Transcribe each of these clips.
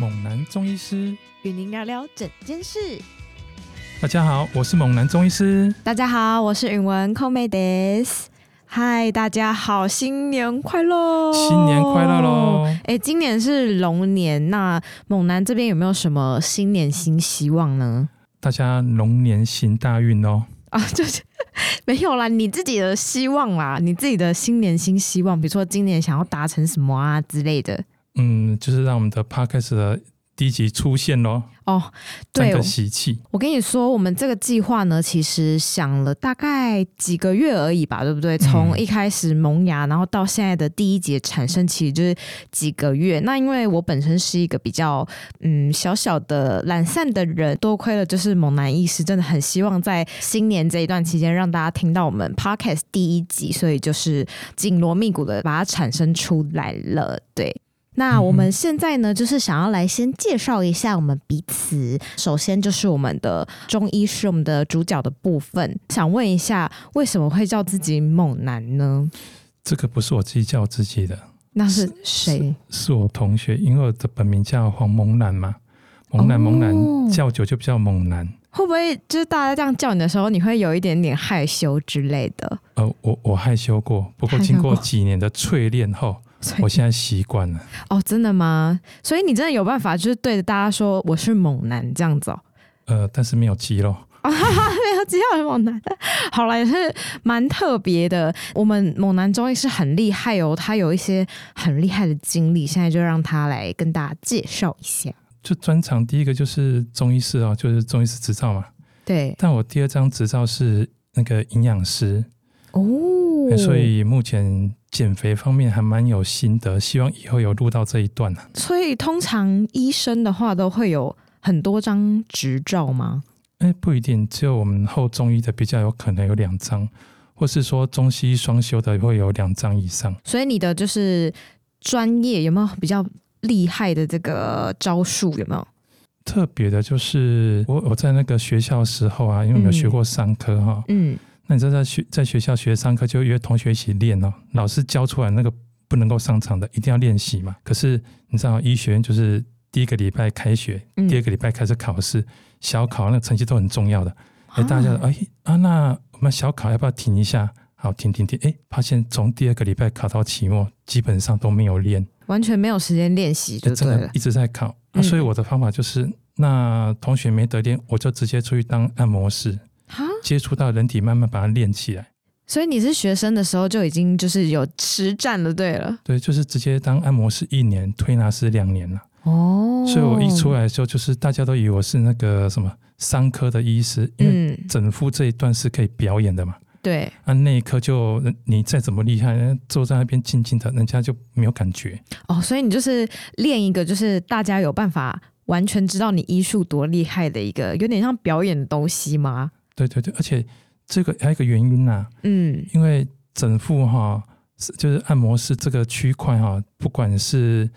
猛男中醫師與您聊聊整件事。大家好，我是猛男中醫師。大家好，我是允文控妹蝶。嗨，Hi, 大家好，新年快樂！新年快樂嘍！哎、欸，今年是龍年，那猛男這邊有沒有什麼新年新希望呢？大家龍年行大運哦！啊，就是沒有啦，你自己的希望啦，你自己的新年新希望，比如說今年想要達成什麼啊之類的。嗯，就是讓我們的 podcast 的第一集出現咯。哦，對，喜氣。我跟你說，我們這個計劃呢，其實想了大概幾個月而已吧，對不對？從一開始萌芽，然後到現在的第一集產生，其實就是幾個月。那因為我本身是一個比較嗯小小的懶散的人，多虧了就是猛男醫師，真的很希望在新年這一段期間讓大家聽到我們 podcast 第一集，所以就是緊鑼密鼓的把它產生出來了。對。那我們現在呢，就是想要來先介紹一下我們彼此。首先就是我們的中醫是我們的主角的部分，想問一下，為什麼會叫自己猛男呢？這個不是我自己叫自己的，那是誰？是，是，是我同學，因為我的本名叫黃猛男嘛，猛男猛男、哦、叫久就比較猛男。會不會就是大家這樣叫你的時候，你會有一點點害羞之類的？呃，我我害羞過，不過經過幾年的淬鍊後。我現在習慣了哦，真的嗎？所以你真的有辦法，就是對着大家說我是猛男這樣子哦。呃，但是沒有肌肉啊，嗯、 沒有肌肉猛男。好了，也是蠻特別的。我們猛男中醫師很厲害哦，他有一些很厲害的經歷。現在就讓他來跟大家介紹一下。就專長第一個就是中醫師哦，就是中醫師執照嘛。對。但我第二張執照是那個營養師。哦，所以目前減肥方面還蠻有心得，希望以後有錄到這一段呢。所以通常醫生的話都會有很多張執照嗎？哎，不一定，只有我們後中醫的比較有可能有兩張，或是說中西醫雙修的會有兩張以上。所以你的就是專業有沒有比較厲害的這個招數？有沒有特別的？就是我我在那個學校時候啊，因為我沒有學過三科哈、哦，嗯。嗯那你知道在學在學校學上課就約同學一起練哦，老師教出來那個不能夠上場的一定要練習嘛。可是你知道，醫學院就是第一個禮拜開學，嗯、第二個禮拜開始考試，小考那個成績都很重要的。哎、嗯，大家哎、欸、啊，那我們小考要不要停一下？好，停停停！哎、欸，發現從第二個禮拜考到期末，基本上都沒有練，完全沒有時間練習，就、欸、真的一直在考、嗯啊。所以我的方法就是，那同學沒得練，我就直接出去當按摩師。哈、啊，接觸到人體，慢慢把它練起來。所以你是學生的時候就已經就是有實戰的，對了？對，就是直接當按摩師一年，推拿師兩年了。哦，所以我一出來的時候，就是大家都以為我是那個什麼傷科的醫師，因為整復這一段是可以表演的嘛。嗯、對，啊、那內科就你再怎麼厲害，坐在那邊靜靜的，人家就沒有感覺。哦，所以你就是練一個，就是大家有辦法完全知道你醫術多厲害的一個，有點像表演的東西嗎？對對對，而且這個還有一個原因呢、啊、嗯，因為整復哈、哦、是就是按摩師這個區塊哈、哦，不管是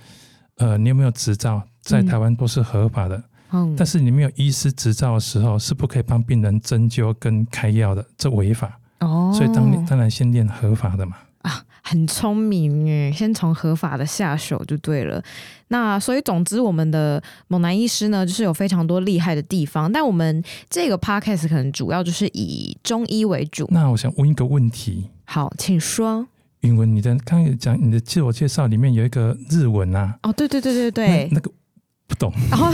呃你有沒有執照，在台灣都是合法的，嗯、但是你沒有醫師執照的時候是不可以幫病人針灸跟開藥的，這違法哦，所以當、哦、當然先練合法的嘛。啊，很聰明哎，先從合法的下手就對了。那所以總之，我們的猛男醫師呢，就是有非常多厲害的地方。但我們這個 podcast 可能主要就是以中醫為主。那我想問一個問題。好，請說。云文，你的剛剛講你的自我介紹裡面有一個日文啊。哦，對對對對對，對那，那個。不懂，然後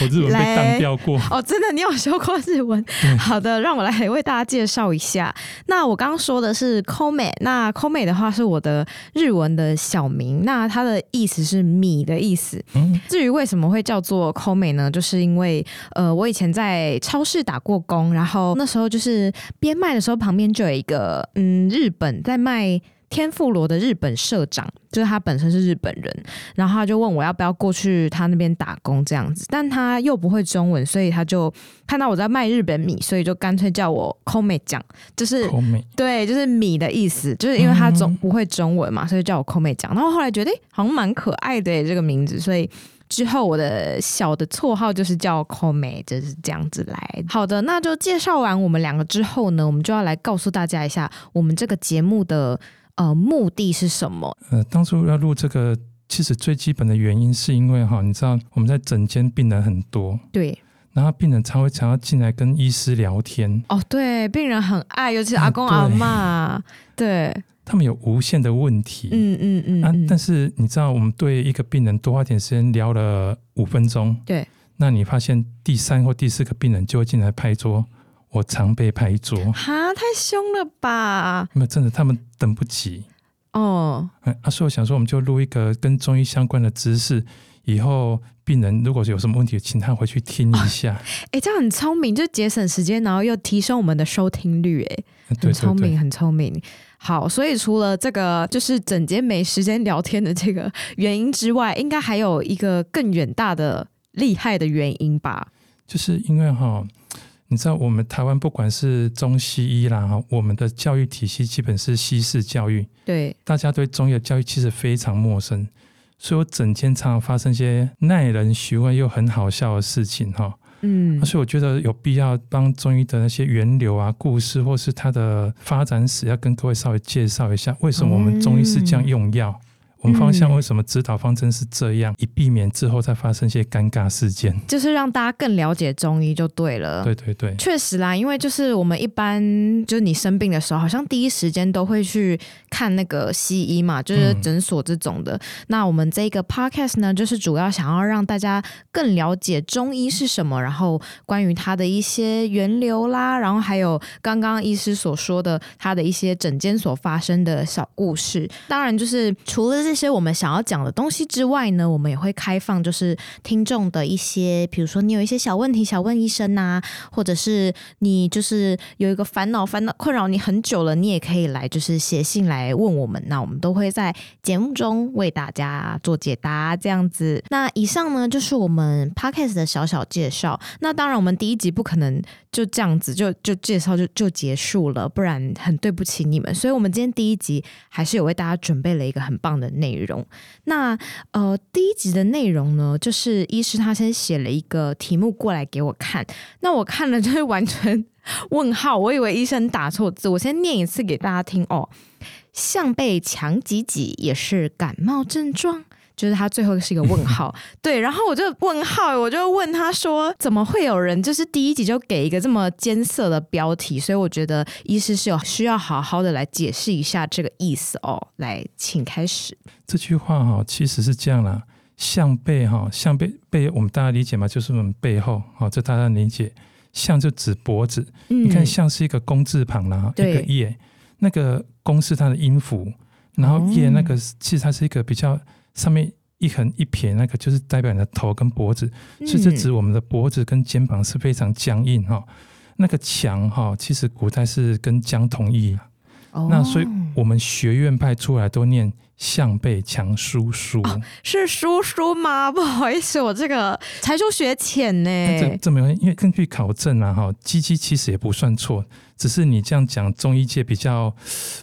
我日文被當掉過。 哦、oh，真的，你有說過日文？好的，讓我來為大家介紹一下。那我剛剛說的是 “Kome”，那 “Kome” 的話是我的日文的小名，那它的意思是“米”的意思、嗯。至於為什麼會叫做 “Kome” 呢？就是因為呃，我以前在超市打過工，然後那時候就是邊賣的時候，旁邊就有一個嗯日本在賣天婦羅的日本社長，就是他本身是日本人，然後他就問我要不要過去他那邊打工這樣子，但他又不會中文，所以他就看到我在賣日本米，所以就乾脆叫我 “Komi 醬”，就是 Komi，對，就是米的意思，就是因為他總不會中文嘛，嗯、所以叫我 “Komi 醬”。然後後來覺得、欸、好像蠻可愛的、欸、這個名字，所以之後我的小的綽號就是叫 “Komi”，就是這樣子來。好的，那就介紹完我們兩個之後呢，我們就要來告訴大家一下我們這個節目的。呃，目的是什麼？呃，當初要錄這個，其實最基本的原因是因為哈，你知道我們在診間病人很多，對，然後病人常會常要進來跟醫師聊天。哦，對，病人很愛，尤其是阿公阿嬤、啊，對，他們有無限的問題。嗯嗯嗯，嗯。啊，但是你知道，我們對一個病人多花點時間聊了五分鐘，對，那你發現第三或第四個病人就會進來拍桌。我常被拍桌，哈，太兇了吧？那真的，他們等不及哦。嗯、啊，所以我想說，我們就錄一個跟中醫相關的知識，以後病人如果有什麼問題，請他回去聽一下。哎、哦，這樣很聰明，就節省時間，然後又提升我們的收聽率。哎、嗯，很聰明，很聰明。好，所以除了這個，就是整節沒時間聊天的這個原因之外，應該還有一個更遠大的厲害的原因吧？就是因為哈、哦。你知道我們台灣不管是中西醫啦，哈，我們的教育體系基本是西式教育，對，大家對中醫的教育其實非常陌生，所以我整天常常發生一些耐人尋味又很好笑的事情，哈，嗯，所以我覺得有必要幫中醫的那些源流啊、故事或是它的發展史，要跟各位稍微介紹一下，為什麼我們中醫是這樣用藥。嗯我們方向為什麼指導方針是這樣，以、嗯、避免之後再發生一些尷尬事件，就是讓大家更了解中醫就對了。對對對，確實啦，因為就是我們一般就是你生病的時候，好像第一時間都會去看那個西醫嘛，就是診所這種的。嗯、那我們這個 Podcast 呢，就是主要想要讓大家更了解中醫是什麼，然後關於它的一些源流啦，然後還有剛剛醫師所說的他的一些診間所發生的小故事。當然，就是除了。這些我們想要講的東西之外呢，我們也會開放，就是聽眾的一些，比如說你有一些小問題想問醫生啊，或者是你就是有一個煩惱煩惱困擾你很久了，你也可以來，就是寫信來問我們。那我們都會在節目中為大家做解答，這樣子。那以上呢就是我們 Podcast 的小小介紹。那當然，我們第一集不可能就這樣子就就介紹就就結束了，不然很對不起你們。所以，我們今天第一集還是有為大家準備了一個很棒的。內容，那呃，第一集的內容呢，就是醫師他先寫了一個題目過來給我看，那我看了就會完全問號，我以為醫生打錯字，我先念一次給大家聽哦，項背強幾幾也是感冒症狀？就是他最後是一個問號， 對，然後我就問號，我就問他說，怎麼會有人就是第一集就給一個這麼艱澀的標題？所以我覺得醫師是有需要好好的來解釋一下這個意思哦。來，請開始。這句話哈、哦，其實是這樣啦，項背哈、哦，項背背，我們大家理解嘛，就是我們背後，好、哦，這大家理解。項就指脖子，嗯、你看，項是一個工字旁啦、啊，一個頁，那個工是它的音符，然後頁那個、嗯、其實它是一個比較。上面一橫一撇，那個就是代表你的頭跟脖子、嗯，所以這指我們的脖子跟肩膀是非常僵硬哈。那個強哈，其實古代是跟僵同義、哦，那所以我們學院派出來都念。項背強叔叔、哦、是叔叔嗎？不好意思，我這個才疏學淺呢。這沒關係，因為根據考證啊，哈，幾幾其實也不算錯，只是你這樣講，中醫界比較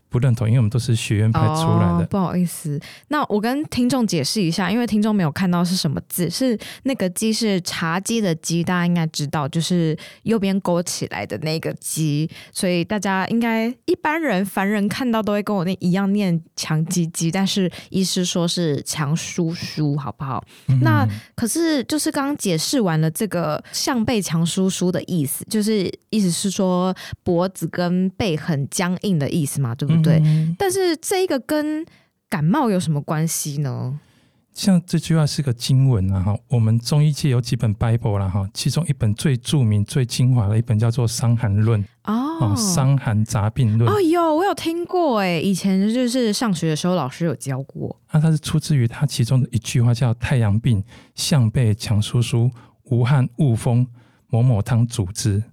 不認同，因為我們都是學院派出來的、哦。不好意思，那我跟聽眾解釋一下，因為聽眾沒有看到是什麼字，是那個“幾”是茶几的“幾”，大家應該知道，就是右邊勾起來的那個“幾”，所以大家應該一般人凡人看到都會跟我那一樣念“強幾幾”，但是是意思說，是強幾幾，好不好，嗯？那可是就是剛剛解釋完了這個“項背強幾幾”的意思，就是意思是說脖子跟背很僵硬的意思嘛，對不對？嗯、但是這一個跟感冒有什麼關係呢？像這句話是一個經文啊，哈，我們中醫界有幾本 Bible 了哈，其中一本最著名、最精華的一本叫做《傷寒論》oh. 哦，《傷寒雜病論》oh。哦，喲我有聽過哎，以前就是上學的時候老師有教過。那、啊、它是出自於他其中的一句話，叫“太陽病，項背強，幾幾，無汗，惡風，某某湯主之”。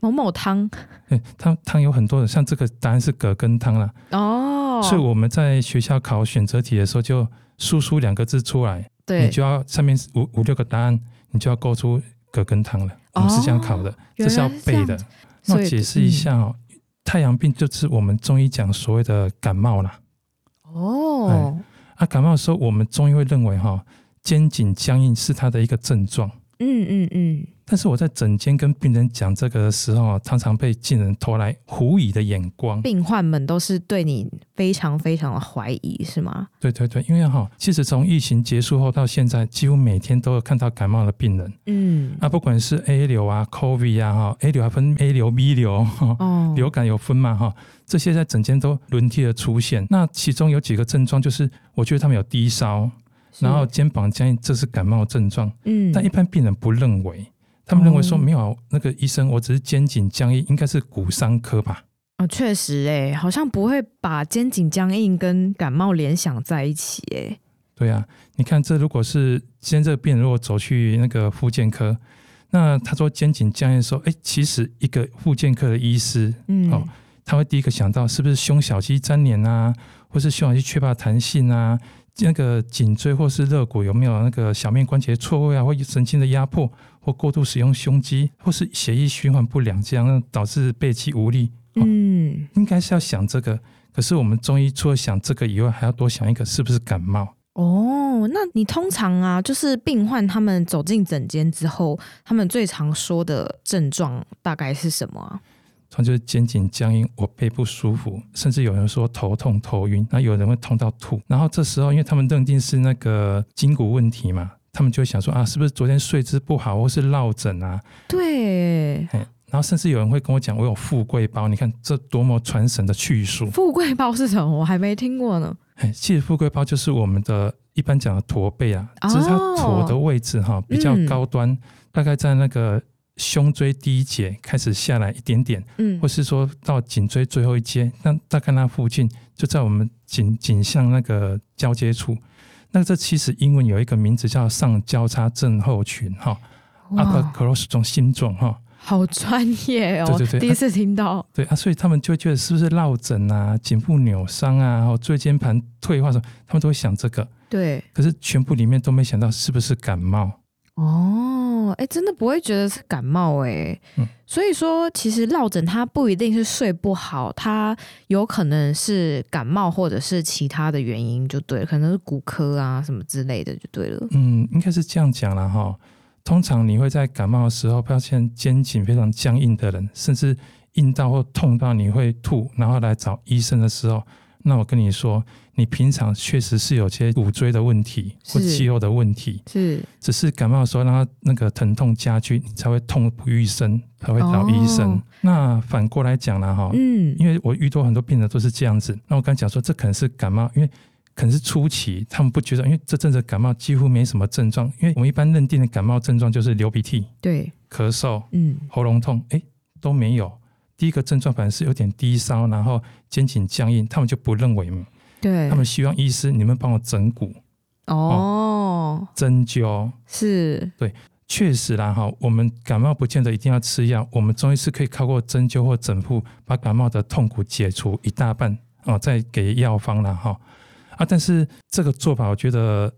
某某湯，嗯，湯湯有很多的，像這個當然是葛根湯了哦。Oh. 所以我們在學校考選擇題的時候就。輸出兩個字出來，你就要上面五五六個答案，你就要勾出葛根湯了，哦。我們是這樣考的，哦，這是要背的。是那解釋一下，哦嗯、太陽病就是我們中醫講所謂的感冒啦。哦，嗯、啊，感冒的時候，我們中醫會認為哈、哦，肩頸僵硬是它的一個症狀。嗯嗯嗯。嗯但是我在診間跟病人講這個的時候，常常被病人投來狐疑的眼光。病患們都是對你非常非常的懷疑，是嗎？對對對，因為哈，其實從疫情結束後到現在，幾乎每天都有看到感冒的病人。嗯，啊，不管是 A 流啊、COVID 啊、哈 A 流還、啊、分 A 流、B 流，哦、流感有分嘛哈？這些在診間都輪替的出現。那其中有幾個症狀，就是我覺得他們有低燒，然後肩膀僵硬，這是感冒症狀。嗯，但一般病人不認為。他們認為說，沒有那個醫生，我只是肩頸僵硬，應該是骨傷科吧？啊、哦，確實、欸，哎，好像不會把肩頸僵硬跟感冒聯想在一起、欸，哎，對啊，你看，這如果是今天這個病人，如果走去那個復健科，那他說肩頸僵硬的時候，說，哎，其實一個復健科的醫師，嗯、哦，他會第一個想到是不是胸小肌粘連啊，或是胸小肌缺乏彈性啊。那個頸椎或是肋骨有沒有那個小面關節錯位啊，或神經的壓迫，或過度使用胸肌，或是血液循環不良，這樣導致背肌無力。嗯、哦，應該是要想這個。可是我們中醫除了想這個以外，還要多想一個是不是感冒。哦，那你通常啊，就是病患他們走進診間之後，他們最常說的症狀大概是什麼啊？常就是肩頸僵硬，我背不舒服，甚至有人說頭痛頭暈，然後有人會痛到吐。然後這時候，因為他們認定是那個筋骨問題嘛，他們就會想說啊，是不是昨天睡姿不好或是落枕啊？對。然後甚至有人會跟我講，我有富貴包，你看這多麼傳神的敘述。富貴包是什麼？我還沒聽過呢。其實富貴包就是我們的一般講的駝背啊，只、哦、是它駝的位置哈比較高端、嗯，大概在那個。胸椎第一節開始下來一點點，嗯，或是說到頸椎最後一節，那大概那附近就在我們頸頸項那個交接處。那這其實英文有一個名字叫上交叉症候群，哈 Upper Cross 中心狀，哈、啊啊。好專業哦，對對對，第一次聽到。啊對啊，所以他們就會覺得是不是落枕啊、頸部扭傷啊、然後椎間盤退化什麼，他們都會想這個。對。可是全部裡面都沒想到，是不是感冒？哦，哎、欸，真的不會覺得是感冒哎、欸，嗯、所以說其實落枕它不一定是睡不好，它有可能是感冒或者是其他的原因就對了，可能是骨科啊什麼之類的就對了。嗯，應該是這樣講啦。哈。通常你會在感冒的時候，發現肩頸非常僵硬的人，甚至硬到或痛到你會吐，然後來找醫生的時候。那我跟你說，你平常確實是有些骨椎的問題或肌肉的問題，是只是感冒的時候，讓它那個疼痛加劇，你才會痛不欲生，才會找醫生、哦。那反過來講呢，哈，嗯，因為我遇到很多病人都是這樣子、嗯。那我剛講說，這可能是感冒，因為可能是初期他們不覺得，因為這陣子感冒幾乎沒什麼症狀。因為我們一般認定的感冒症狀就是流鼻涕、對咳嗽、嗯喉嚨痛，誒，都沒有。第一個症狀反而是有點低燒，然後肩頸僵硬，他們就不認為嘛。對。他們希望醫師你們幫我整骨哦，哦，針灸是對，確實啦哈。我們感冒不見得一定要吃藥，我們中醫是可以靠過針灸或整復，把感冒的痛苦解除一大半哦。再給藥方啦。哈、哦、啊。但是這個做法，我覺得。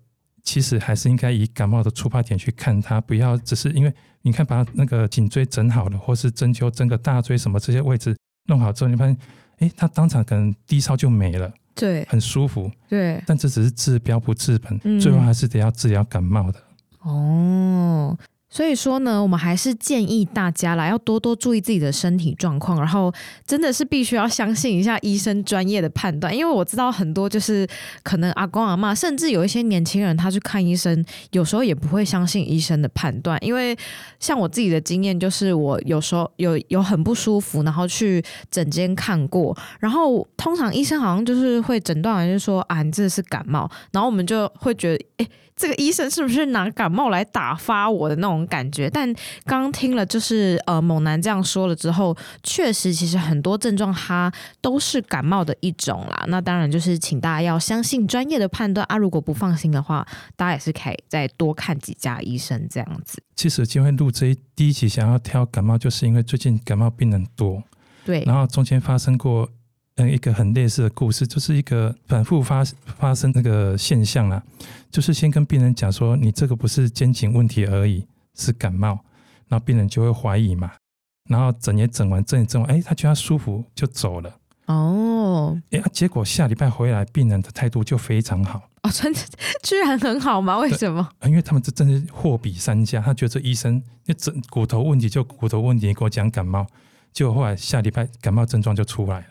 其實還是應該以感冒的出發點去看它，不要只是因為你看把那個頸椎整好了，或是針灸針個大椎什麼這些位置弄好之後，你發現哎，它當場可能低燒就沒了，對，很舒服，對，但這只是治標不治本，嗯，最後還是得要治療感冒的。哦。所以說呢，我們還是建議大家啦，要多多注意自己的身體狀況，然後真的是必須要相信一下醫生專業的判斷，因為我知道很多就是可能阿公阿嬤，甚至有一些年輕人，他去看醫生，有時候也不會相信醫生的判斷，因為像我自己的經驗，就是我有時候有有很不舒服，然後去診間看過，然後通常醫生好像就是會診斷完就說啊，你這是感冒，然後我們就會覺得，哎，這個醫生是不是拿感冒來打發我的那種？感覺，但剛聽了就是呃，猛男這樣說了之後，確實其實很多症狀哈都是感冒的一種啦。那當然就是請大家要相信專業的判斷啊，如果不放心的話，大家也是可以再多看幾家醫生這樣子。其實今天錄這一第一期，想要挑感冒，就是因為最近感冒病人多，對。然後中間發生過嗯一個很類似的故事，就是一個反复發發生那個現象啦，就是先跟病人講說，你這個不是肩頸問題而已。是感冒，然後病人就會懷疑嘛，然後整年整完，整也整完哎，他覺得他舒服就走了。哦、oh.，哎、啊，結果下禮拜回來，病人的態度就非常好。哦、oh,，居然很好嗎？為什麼？啊、因為他們這真是貨比三家，他覺得這醫生你整骨頭問題就骨頭問題，你給我講感冒，就後來下禮拜感冒症狀就出來了，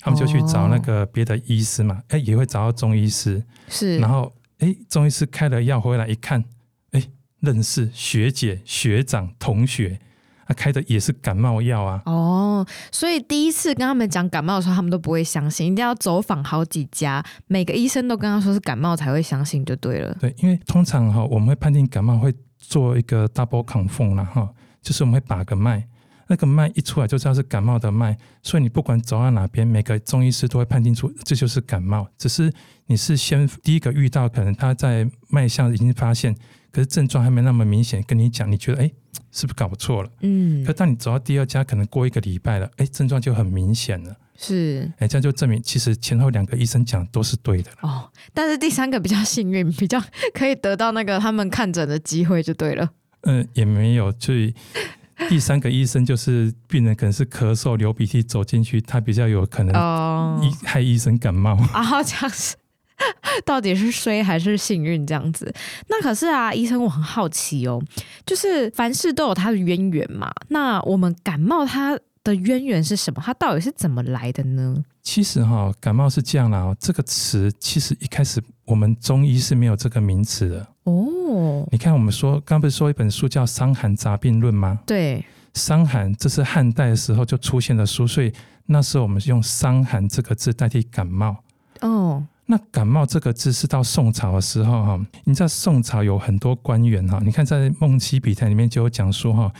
他們就去找那個別的醫師嘛，哎、oh.，也會找到中醫師。是，然後哎，中醫師開了藥回來一看。認識學姐、學長、同學，他、啊、開的也是感冒藥啊。哦，所以第一次跟他們講感冒的時候，他們都不會相信，一定要走訪好幾家，每個醫生都跟他說是感冒才會相信，就對了。對，因為通常哈、哦，我們會判定感冒會做一個 double confirm 哈、哦，就是我們會把個脈，那個脈一出來就知道是感冒的脈，所以你不管走到哪邊，每個中醫師都會判定出這就是感冒，只是你是先第一個遇到，可能他在脈象已經發現。可是症狀還沒那麼明顯，跟你講，你覺得哎，是不是搞錯了？嗯。可當你走到第二家，可能過一個禮拜了，哎，症狀就很明顯了。是。哎，這樣就證明其實前後兩個醫生講的都是對的了。哦，但是第三個比較幸運，比較可以得到那個他們看診的機會就對了。嗯，也沒有，就第三個醫生就是病人可能是咳嗽、流鼻涕走進去，他比較有可能醫害醫生感冒啊、哦哦，這樣是。 到底是衰還是幸運？這樣子，那可是啊，醫生，我很好奇哦。就是凡事都有它的淵源嘛。那我們感冒它的淵源是什麼？它到底是怎麼來的呢？其實哈、哦，感冒是這樣啦。這個詞其實一開始我們中醫是沒有這個名詞的哦。你看，我們說剛不是說一本書叫《傷寒雜病論》嗎？對，《傷寒》這是漢代的時候就出現了書，所以那時候我們是用“傷寒”這個字代替感冒哦。那感冒這個字是到宋朝的時候哈，你知道宋朝有很多官員哈，你看在《夢溪筆談》裡面就有講說哈，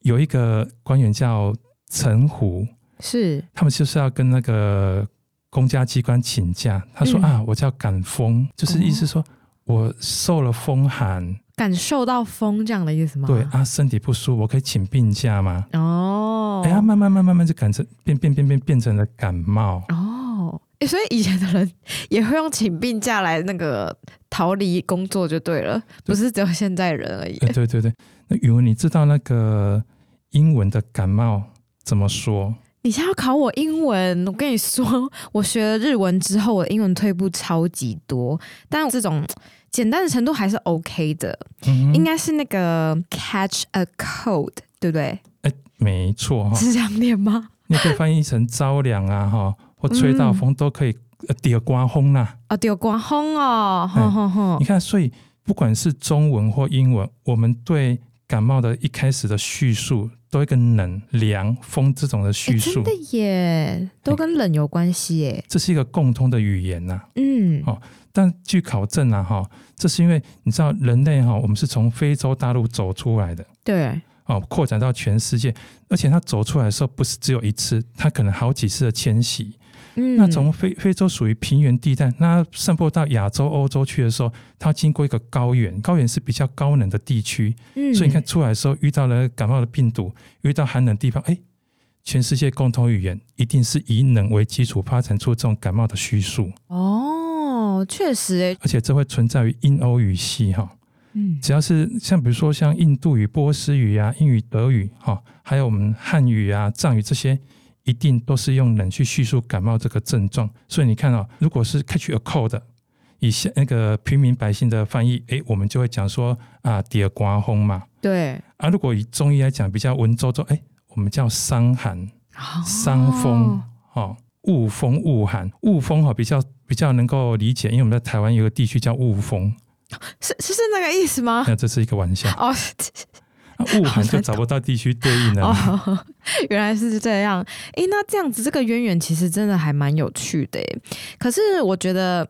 有一個官員叫陳虎，是他們就是要跟那個公家機關請假，他說、嗯、啊，我叫感風，就是意思說、哦、我受了風寒，感受到風這樣的意思嗎？對啊，身體不舒服，我可以請病假嗎？哦，哎呀，慢慢慢慢慢就感成變變變變，變成了感冒哦。所以以前的人也會用請病假來那個逃離工作，就對了對，不是只有現在人而已。欸、對對對，那語文，你知道那個英文的感冒怎麼說？你先要考我英文，我跟你說，我學了日文之後，我英文退步超級多，但這種簡單的程度還是 OK 的，嗯、應該是那個 catch a cold，對不對？哎、欸，沒錯，是這樣念嗎？你可以翻譯成着涼啊，哈。或吹到風都可以，呃、掉颳風啦，啊掉颳風哦，你看，所以不管是中文或英文，我們對感冒的一開始的敘述，都會跟冷、涼、風這種的敘述。欸、真的耶，都跟冷有關係耶。哎、這是一個共通的語言吶、啊。嗯，哦，但據考證啊，哈，這是因為你知道，人類哈、哦，我們是從非洲大陸走出來的，對，哦，擴展到全世界，而且它走出來的時候不是只有一次，它可能好幾次的遷徙。那從非非洲屬於平原地帶，那散播到亞洲、歐洲去的時候，它經過一個高原，高原是比較高冷的地區，嗯、所以你看出來的時候遇到了感冒的病毒，遇到寒冷地方，哎、欸，全世界共同語言一定是以冷為基礎發展出這種感冒的敘述。哦，確實誒，而且這會存在於印歐語系哈，嗯，只要是像比如說像印度語、波斯語啊、英語、德語哈，還有我們漢語啊、藏語這些，一定都是用冷去敘述感冒這個症狀，所以你看啊、哦，如果是 catch a cold，以那個平民百姓的翻譯，誒，我們就會講說啊，跌刮風嘛。對。啊，如果以中醫來講，比較文縐縐，誒，我們叫傷寒、傷風，哈、哦，惡風、惡寒、惡風、啊，哈，比較比較能夠理解，因為我們在台灣有個地區叫霧峰，是是是那個意思嗎？那這是一個玩笑。哦物就找不到地區對應哦，原來是這樣。誒、欸，那這樣子這個淵源其實真的還蠻有趣的。可是我覺得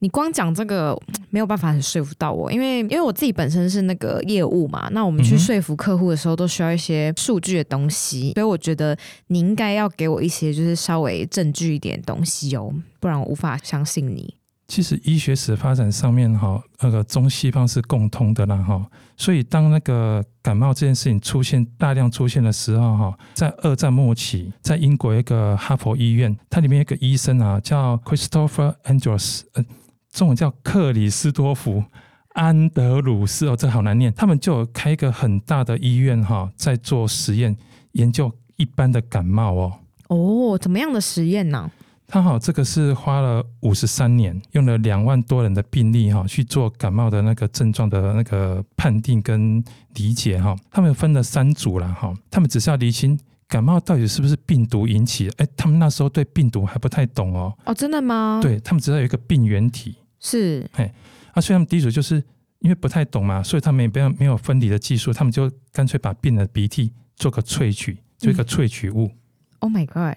你光講這個沒有辦法很說服到我，因為因為我自己本身是那個業務嘛，那我們去說服客戶的時候都需要一些數據的東西，嗯，所以我覺得你應該要給我一些就是稍微證據一點東西哦，不然我無法相信你。其實醫學史發展上面哈，那個中西方是共通的啦哈。所以當那個感冒這件事情出現大量出現的時候哈，在二戰末期，在英國一個哈佛醫院，它裡面有一個醫生啊，叫 Christopher Andrews，呃，中文叫克里斯多夫安德魯斯哦，這好難念。他們就有開一個很大的醫院哈，哦，在做實驗研究一般的感冒哦。哦，怎麼樣的實驗呢？啊？他好這個是花了五十三年，用了兩萬多人的病例哈、哦、去做感冒的那個症狀的那個判定跟理解哈、哦。他們分了三組啦。哈、哦，他們只是要釐清感冒到底是不是病毒引起。哎，他們那時候對病毒還不太懂哦。哦，真的嗎？對，他們只知道有一個病原體是。哎，啊，所以他們第一組就是因為不太懂嘛，所以他們也沒有沒有分離的技術，他們就乾脆把病人的鼻涕做個萃取，做一個萃取物。嗯、Oh my God！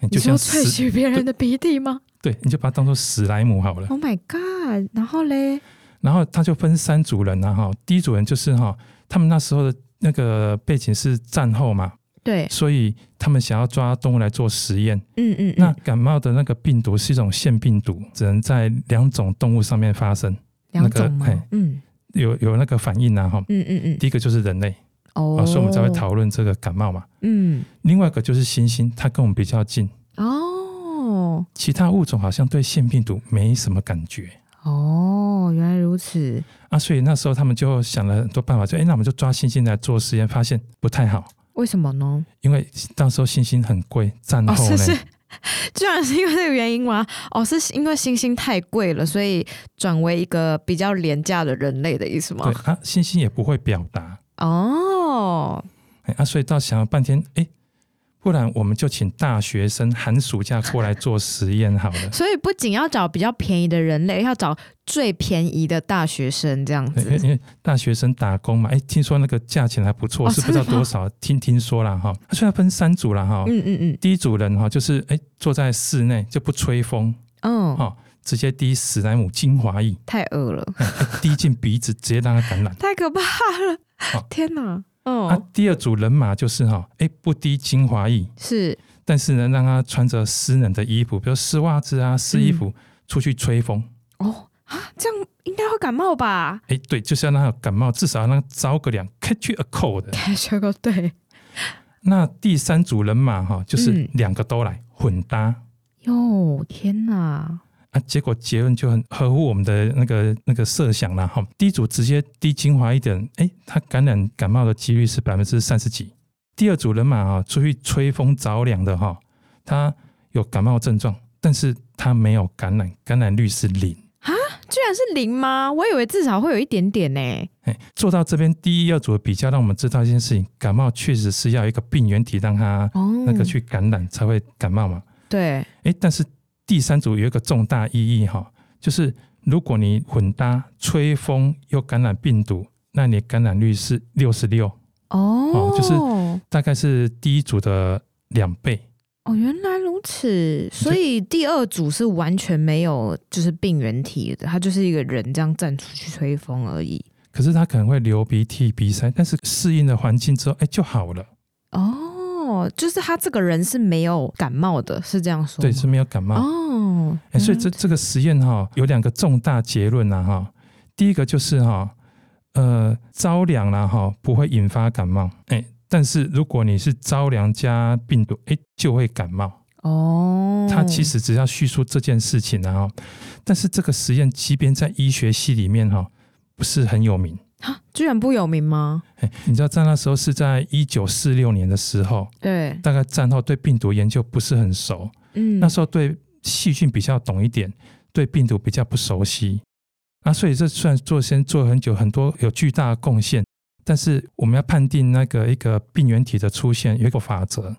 你要萃取別人的鼻涕嗎？對，對你就把它當做史萊姆好了。Oh my god！然後嘞，然後他就分三組人、啊，然後第一組人就是哈、哦，他們那時候的那個背景是戰後嘛，對，所以他們想要抓動物來做實驗。嗯嗯，嗯，那感冒的那個病毒是一種腺病毒，只能在兩種動物上面發生，兩種、那個、嗯，有有那個反應啊，哈、嗯，嗯嗯嗯，第一個就是人類。哦，所以我們才會討論這個感冒嘛。嗯，另外一個就是猩猩，它跟我們比較近。哦，其他物種好像對腺病毒沒什麼感覺。哦，原來如此。啊，所以那時候他們就想了很多辦法，就哎、欸，那我們就抓猩猩來做實驗，發現不太好。為什麼呢？因為當時候猩猩很貴，戰後嘞。哦，是是，居然是因為這個原因嗎？哦，是因為猩猩太貴了，所以轉為一個比較廉價的人類的意思嗎？對，啊，猩猩也不會表達。哦、oh，啊，所以倒想了半天，誒，不然我們就請大學生寒暑假過來做實驗好了。 所以不僅要找比較便宜的人類，要找最便宜的大學生這樣子，因為大學生打工嘛，誒，聽說那個價錢還不錯，oh, 是不知道多少，聽聽說了哈。他雖然分三組了哈，嗯嗯嗯，第一組人哈就是誒，坐在室內就不吹風，oh，哦，好。直接滴史萊姆精華液，太噁了！嗯欸、滴進鼻子，直接讓它感染， 太可怕了！哦、天哪，哦那、啊、第二組人馬就是哈，哎、欸，不滴精華液是，但是呢，讓他穿着濕冷的衣服，比如濕襪子啊、濕衣服、嗯、出去吹風。哦啊，這樣應該會感冒吧？哎、欸，對，就是要讓他感冒，至少要讓他著個涼 catch a cold。catch a cold 對。那第三組人馬哈，就是兩個都來、嗯、混搭。喲，天哪！啊，結果結論就很合乎我們的那個那個設想啦哈。第一組直接滴精華一點，哎、欸，他感染感冒的幾率是百分之三十幾。第二組人馬啊，出去吹風着涼的哈，他有感冒症狀，但是他沒有感染，感染率是零。啊，居然是零嗎？我以為至少會有一點點呢、欸。哎、欸，做到這邊，第一二組的比較，讓我們知道一件事情：感冒確實是要一個病原體讓他那個去感染才會感冒嘛。哦、對，哎、欸，但是。第三組有一個重大意義哈，就是如果你混搭吹風又感染病毒，那你感染率是六十六哦，就是大概是第一組的兩倍哦。原來如此，所以第二組是完全沒有就是病原體的，他就是一個人這樣站出去吹風而已，可是他可能會流鼻涕鼻塞，但是適應了環境之後，哎、欸，就好了哦。哦，就是他這個人是沒有感冒的，是這樣說？對，是沒有感冒哦。哎、嗯，欸，所以這這個實驗哈、哦，有兩個重大結論啊哈。第一個就是哈、哦，呃，着涼了、啊、哈，不會引發感冒，哎、欸，但是如果你是着涼加病毒，哎、欸、就會感冒。哦，他其實只要敘述這件事情，然後，但是這個實驗即便在醫學系裡面哈，不是很有名。啊、居然不有名嗎、欸？你知道在那時候是在一九四六年的時候，對，大概戰後對病毒研究不是很熟，嗯，那時候對細菌比較懂一點，對病毒比較不熟悉，啊、所以這算做先做很久，很多有巨大的貢獻，但是我們要判定那個一個病原體的出現有一個法則，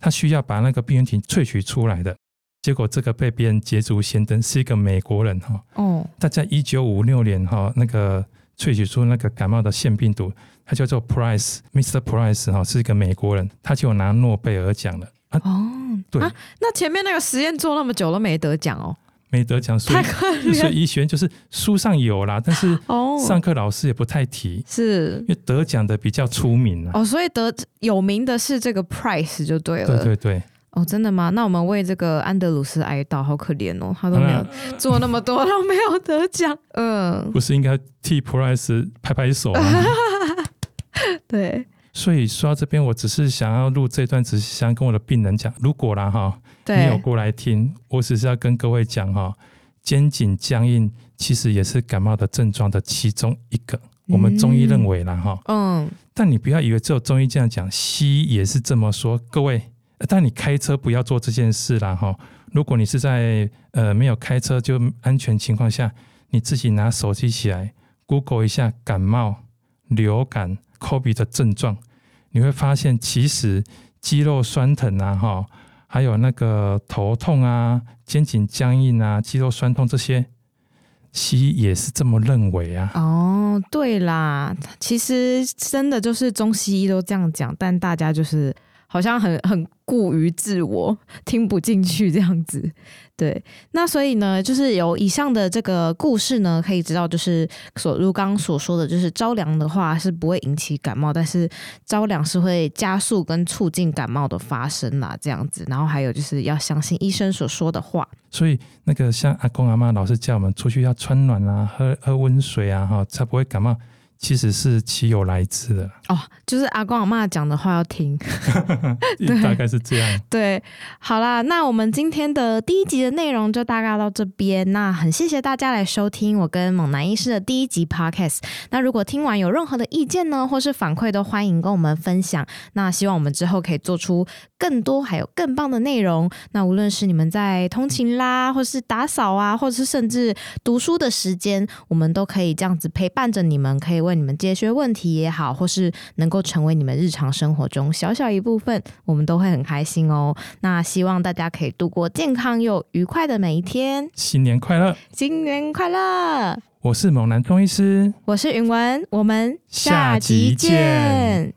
他需要把那個病原體萃取出來的。結果這個被別人捷足先登，是一個美國人哈，哦，他在一九五六年哈那個。萃取，取出那個感冒的腺病毒，它叫做 Price，Mr. Price 哈 price、哦，是一個美國人，他就拿諾貝爾獎了、啊。哦，對、啊，那前面那個實驗做那麼久都沒得獎哦，沒得獎，所以太可憐就所以醫學院就是書上有啦，但是哦，上課老師也不太提，是、哦，因為得獎的比較出名哦，所以得有名的是這個 Price 就對了。對對對。哦，真的嗎？那我們為這個安德魯斯哀悼，好可憐哦，他都沒有做那麼多，啊、 他都沒有得獎。嗯，不是應該替 Price 拍拍手嗎、啊啊？對。所以說到這邊，我只是想要錄這段，只是想跟我的病人講，如果啦、哦，哈沒有過來聽，我只是要跟各位講哈、哦，肩頸僵硬，硬其實也是感冒的症狀的其中一個。嗯、我們中醫認為啦、哦，哈，嗯，但你不要以為只有中醫這樣講，西醫也是這麼說。各位。但你開車不要做這件事啦。哈。如果你是在呃沒有開車就安全情況下，你自己拿手機起來，Google 一下感冒、流感、COVID 的症狀，你會發現其實肌肉酸疼啊，哈，還有那個頭痛啊、肩頸僵硬啊、肌肉酸痛這些，西醫也是這麼認為啊。哦，對啦，其實真的就是中西醫都這樣講，但大家就是。好像很很固於自我，聽不進去這樣子，對。那所以呢，就是有以上的這個故事呢，可以知道，就是所如剛所說的就是，着涼的話是不會引起感冒，但是着涼是會加速跟促進感冒的發生啦，這樣子。然後還有就是要相信醫生所說的話。所以那個像阿公阿嬤老是叫我們出去要穿暖啊，喝喝溫水啊，哈，才不會感冒。其實是其有來自的哦，就是阿公阿嬤講的話要聽，對， 大概是這樣 對。對，好啦，那我們今天的第一集的內容就大概到這邊。那很謝謝大家來收聽我跟猛男醫師的第一集 podcast。那如果聽完有任何的意見呢，或是反饋，都歡迎跟我們分享。那希望我們之後可以做出更多還有更棒的內容。那無論是你們在通勤啦，或是打掃啊，或是甚至讀書的時間，我們都可以這樣子陪伴着你們，可以為。為你們解決問題也好，或是能夠成為你們日常生活中小小一部分，我們都會很開心哦。那希望大家可以度過健康又愉快的每一天，新年快樂！新年快樂！我是猛男中醫師，我是允文，我們下集見。